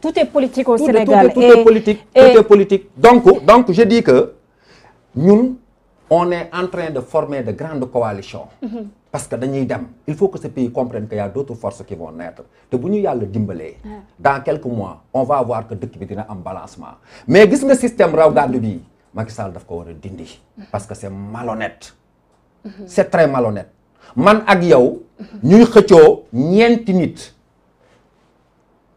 tout est politique au tout Sénégal. Tout, est, politique, Donc, donc, je dis que ñun on est en de former de grande coalitions. Mm -hmm. Parce que il faut que ce pays comprenne qu'il y a d'autres forces qui vont naître. De dans quelques mois, on va voir que y dina am balancement. Mais gis nga le système gàddu bi Macky Sall daf ko war a dindi. parce que c' est malhonnête. Mhm. est très malhonnête man ak yow. ñuy xëccoo ñeenti nit.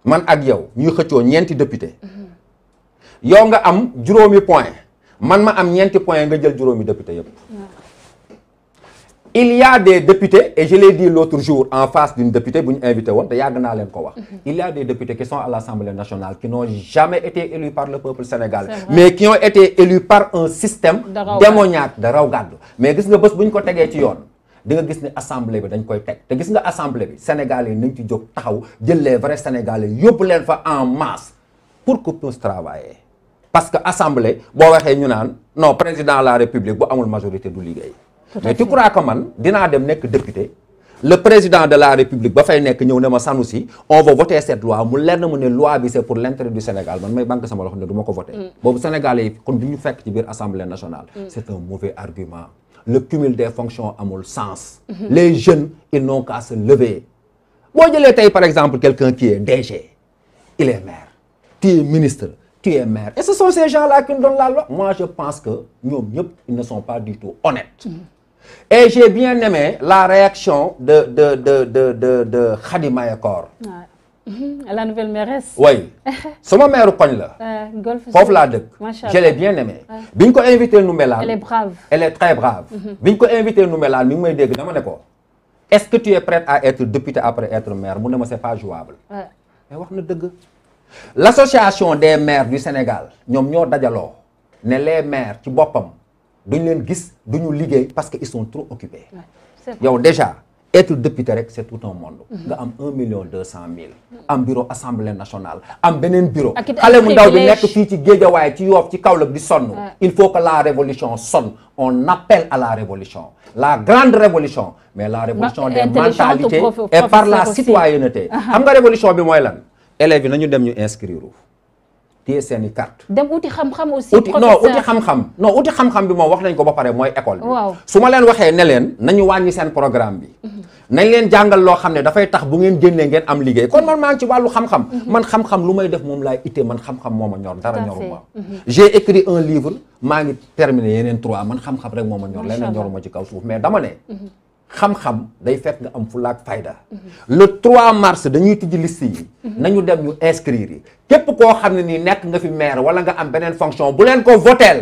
man ak yow ñuy xëccoo ñeenti député yow nga am juróomi point man ma am ñeenti point nga jël juróomi député yëpp il y a des députés et je l'ai dit l'autre jour en face d'une députée bu ñu invité woon te yàgg naa leen ko wax mhm. il y a des députés qui sont à l'Assemblée nationale qui n'ont jamais été élus par le peuple sénégalais mais qui ont été élus par un système démoniaque de gàddu mais gis nga bés bu ñu ko tegee ci yoon di nga gis ne assemblée bi dañ koy teg te gis nga assemblée bi sénégalais yi nañ ci jog taxaw jël les vrais sénégalais yóbbu leen fa en masse pour que puisse travailler parce que assemblée boo waxee ñu naan non président de la république bu amul majorité du liggéey tu crois que man dinaa dem nekk député le président de la république ba fay nekk ñëw ne ma Sanoussi on va voter cette loi mu leer na mu ne loi bi c'est pour l'intérêt du Sénégal man may banque sama loxo ko voter mm. ñu fekk ci biir assemblée nationale mm. c'est le cumul des fonctions amul sens. les jeunes ils n'ont qu'à se lever. boo jëlee tey par exemple quelqu'un qui est DG il est maire tu es ministre tu es maire et ce sont ces gens-là qui nous la loi. moi je pense que ñoom ñëpp ils ne sont pas du tout honnêtes. Mm-hmm. et j'ai bien aimé la réaction de de de de de de Khady Mahécor. Mhm, la nouvelle mairesse. oui sama maire koñ la. Euh, golf foofu laa dëkk. macha allah je l'ai bien bi ñu ko invité Nouméla. elle est brave elle brave. Mhm. bi ñu ko invité Nouméla mi ngi may dégg dama ne ko. est-ce que tu es prête à être après être maire mu ne ma se pas jouable. mais wax na dëgg. l'association de maires du Sénégal ñoom ñoo dajaloo. ne les maires ci boppam duñ leen gis du ñu liggéey parce que ils sont trop occupés. yow déjà. être député rek c'est tout un monde. nga am un million deux cent mille. am bureau assemblée nationale am beneen bureau. xale mu ndaw bi nekk fii ci Géejawaay ci Yoff ci Kaolack di sonn. il faut que la révolution sonne on appelle à la révolution la grande révolution. mais la révolution des mentalités et par la citoyenneté. xam nga révolution bi mooy lan élèves na nañu dem ñu inscrire. téye seen i carte dem uti xam-xam aussi uti xam-xam non uti xam-xam bi moom wax nañ ko ba pare mooy école bi su ma leen waxee ne leen nañu wàññi seen programme bi mhm. nañ leen jàngal loo xam ne dafay tax bu ngeen génnee ngeen am liggéey kon man maa ngi ci wàllu xam-xam mhm. man xam-xam lu may def moom laay ittee man xam-xam moo ma ñor dara ñoruma mhm. j'ai écrit un livre maa ngi terminé yeneen trois man xam-xam rek moom ma ñor leneen ñoruma ci kaw suuf mais dama ne xam-xam day fekk nga am fulla ak fayda. le 3 mars dañuy tijji liste yi. nañu dem ñu inscrire yi. képp koo xam ne nii nekk nga fi maire wala nga am beneen fonction bu leen ko voteel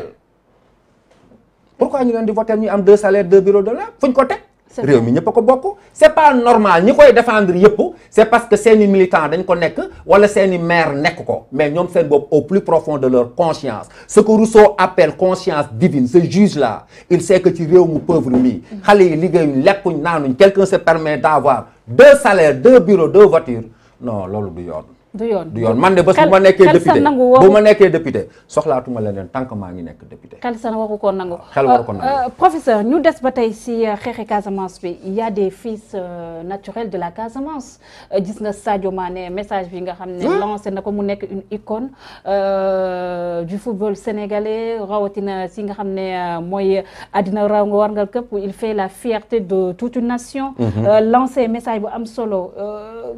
pourquoi ñu leen di voteel ñu am deux salaires deux bureaux de la fu ko teg. réew mi ñëpp ko bokk c'est pas normal ñi koy défendre yëpp c'est parce que seeni militant dañ ko nekk wala seeni maire nekk ko mais ñoom seen bopp au plus profond de leur conscience ce que Rousseau appelle conscience divine ce juge là il sait que ci réew mu pauvre mii xale yi liggéeyuñ lekkuñ naanuñ quelqu'un se permet d'avoir deux salaires deux bureaux deux voitures non loolu du yoon du yoon man de bés bu ma nekkee député bu ma nekkee député soxlaatuma leneen tant que maa ngi nekk député xelsan waru ko ko euh, nangu euh, professeur ñu des ba tey si euh, xeexi Casamance bi il des fils naturels de la Casamance gis nga Sadio Mané message bi nga xam ne lancé na ko mu nekk une icône du football sénégalais rawatina si nga xam ne mooy àddina raw nga war nga këpp il fait la fierté de toute une nation mm-hmm. lancé message bu am solo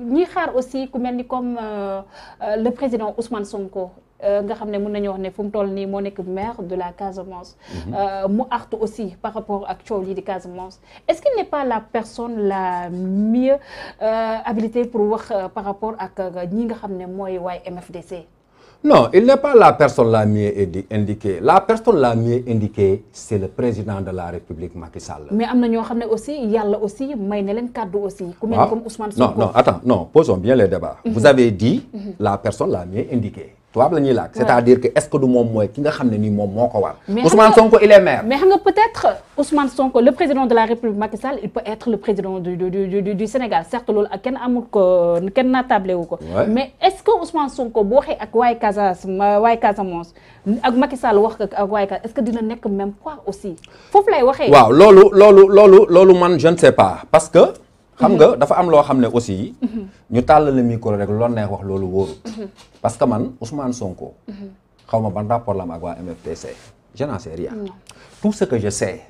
ñi xaar aussi ku mel ni comme Euh, euh, le président Ousmane Sonko euh, nga xam ne mën nañu wax ne fu mu toll nii moo nekk maire de la Casamance. Mhm. mu artu aussi par rapport ak coow lii di Casamance est-ce qu'il n'est pas la personne la mieux abilité pour wax par rapport ak ñi nga xam ne mooy waay MFDC. Non, il n'est pas la personne la mieux indiquée. La personne la mieux indiquée, c'est le président de la République, Macky Sall. Mais il y a aussi, il y a aussi, mais il aussi, ah. comme Ousmane Sonko. Non, non, attends, non, posons bien les débats. Mhm. Vous avez dit mhm. la personne la mieux indiquée. tubaab la ñuy laaj. c'est-à-dire que est-ce que du moom ki nga xam ne nii moom moo ko war. Ousmane Sonko il est maire. mais xam peut-être Ousmane Sonko le président de la République Macky Sall il peut être le président du Sénégal certes loolu ak kenn amul ko kenn naatable wu ko. mais est-ce que Ousmane Sonko boo waxee ak waaye Casamance ak Macky Sall wax ak waaye Casas est-ce que dina nekk même poids aussi foofu lay waxee. waaw loolu loolu loolu loolu man je ne sais pas xam nga dafa am loo xam ne aussi. ñu tàllal le micro rek loolu neex wax loolu wóorul. parce que man Ousmane Sonko. xaw ma ban rapport la am ak waa MFDC. je n'en sais rien. tout ce que je sais.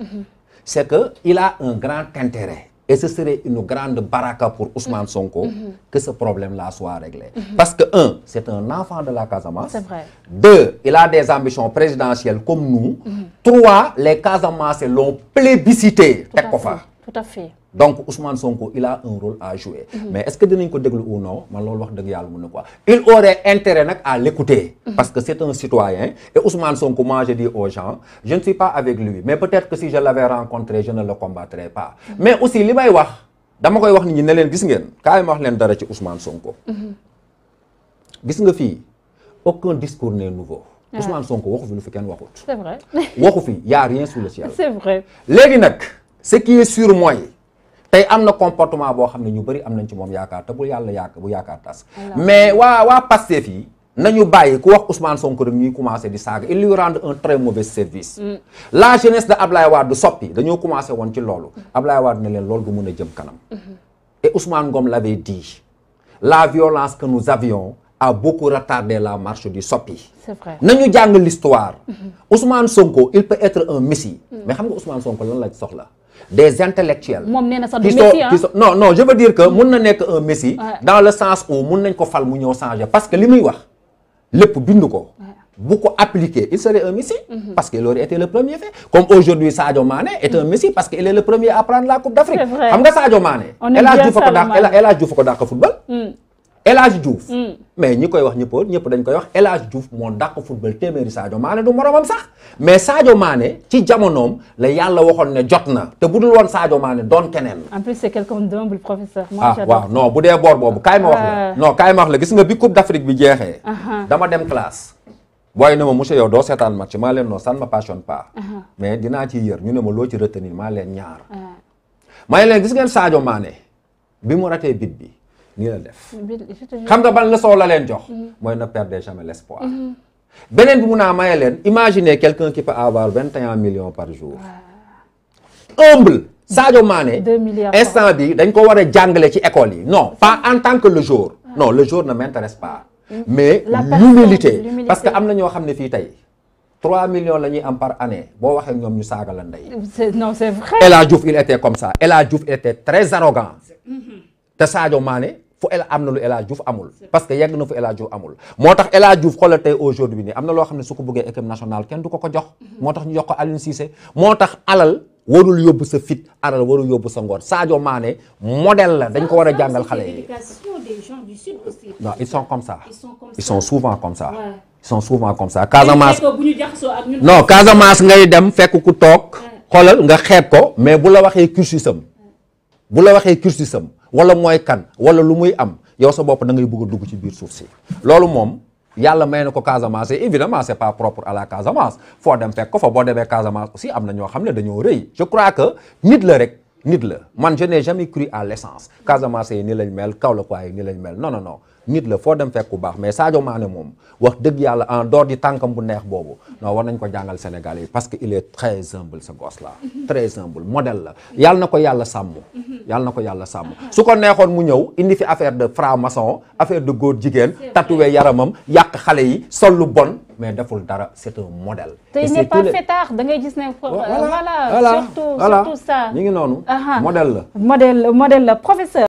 c'est que il a un grand intérêt. et ce serait une grande baraka pour Ousmane Sonko. que ce problème la soit réglé. parce que un c'est un enfant de la Casamance. c'est vrai deux il a des ambitions présidentielles comme nous. Mhm. trois les Casamançais l'ont plébiscité teg ko fa. tout à fait donc Ousmane Sonko il a un rôle à jouer. Mhm. mais est-ce que dinañ ko déglu ou non man loolu wax dëgg yàlla mun na quoi. il aurait intérêt nag à l'écouter. Mhm. parce que c'est un citoyen. et Ousmane Sonko moi je dis aux gens je ne suis pas avec lui mais peut-être que si je l'avais rencontré je ne le combattrais pas. Mhm. mais aussi li may wax dama koy wax ni ñi ne leen gis ngeen kaay ma wax leen dara ci Ousmane Sonko. gis nga fii aucun discours n'est nouveau. Ah. Ousmane Sonko waxu fi fi kenn waxut. c'est vrai ce qui est sûr mooy tey am na comportement boo xam ne ñu bëri am nañ ci moom yaakaar te bu yàlla yaakaar bu yaakaar tas mais waa waa Pastef yi nañu bàyyi ku wax Ousmane Sonko rek ñuy commencé di saaga il lui rend un très mauvais service mm. la jeunesse de Ablaye Wade soppi dañoo commencé woon ci loolu Ablaye Wade ne leen loolu du mun a jëm kanam mm-hmm. et Ousmane Ngom l'avait dit la violence que nous avions a beaucoup retardé la marche di soppi c'est vrai nañu jàng l'histoire mm-hmm. Ousmane Sonko il peut être mm. mais xam nga Ousmane Sonko lan la soxla des intellectuels moom nee na sax ah. je veux dire que mun na nekk un messie dans le sens où mun nañ ko fal mu ñëw changer parce que li muy wax lépp bind ko bu ko appliqué il serait un messie mhm. parce qu'il aurait été le premier fait comme aujourd'hui Sadio Mané est un mhm. messie parce que il est le premier à la coupe d'Afrique xam nga Sadio Mané El Hadj a ko dàq El Hadj Diouf a mais ñi koy wax ñëppoon ñëpp dañ koy wax El Hadj Diouf moo dàq football téeméeri Sadio Mané du moromam sax mais Sadio Mané ci jamonoom la yàlla waxoon ne jot na te bu dul woon Sadio Mané doon keneen. en plus c'est quelqu'un d'humble professeur. ah waaw non bu dee boor boobu kaay ma wax la. Ah. non kaay ma wax la gis nga bi Coupe d'Afrique bi jeexee. Ah, ah. dama dem classe. booy ne ma monsieur yow doo seetaan match maa leen non ça ne me passionne mais dinaa ci yër ñu ne ma loo ci retenir maa leen ñaar. maa ne leen gis ngeen Sadio Mané bi mu ratee bit bi. nii la def. xam nga ban leçon la leen jox. Mm-hmm. mooy ne perdez jamais l'espoir. Mm-hmm. beneen bi mun naa maye leen imaginez quelqu'un qui peut avoir vingt et un millions par jour. humble Sadio Mané. deux milliards instant bi dañ ko war a jàngale ci école yi no pas mm-hmm. en tant que le jour. non le jour ne m'intéresse pas. mais l'humilité parce que am na ñoo xam ne fii tey. 3 millions la ñuy am par année boo waxee ñoom ñu saaga la ndey. non c'est vrai. El il était comme ça El Hadj Diouf était très arrogant. te Sadio maane fu El am na lu El Hadj Diouf amul. parce que yegg na fu El Hadj amul. moo tax El Hadj Diouf xoolal tey aujourd'hui nii am na loo xam ne su ko bëggee équipe nationale kenn du ko ko jox. moo tax ñu jox ko Aliou Cissé moo tax alal. warul yóbbu sa fit alal warul yóbbu sa ngoor Sadio Mané model la dañ ko war a jàngal xale yi non ils sont comme ça ils sont souvent comme ça Casamance non Casamance ngay dem fekk ku toog xoolal nga xeeb ko mais bu la waxee cursusam bu la waxee cursusam wala mooy kan wala lu muy am yow sa bopp da ngay bëgg a dugg ci biir suuf si loolu moom yàlla may na ko Casamance et évidemment c'est pas propre à la Casamance foo dem fekk ko boo demee Casamance aussi am na ñoo xam ne dañoo rëy je crois que nit la rek nit la man je n'ai jamais cru à l'essence Casamance yi ni lañ mel Kaolack yi ni lañ mel non non nit la foo dem fekk bu baax mais Sadio Mané moom wax dëgg yàlla en dehors di tànkam bu neex boobu non war nañ ko jàngal Sénégalais yi parce que il est très humble ce gosse là très model la yàlla na ko yàlla sàmm yàlla na ko yàlla sàmm su ko neexoon mu ñëw indi fi affaire de franc-maçon affaire de góor jigéen tatoué yaramam yàq xale yi sol lu bon mais deful dara c'est un model te il n'est pas fêtard da ngay gis ne. voilà surtout surtout ça. ñu ngi noonu. modèle la professeur.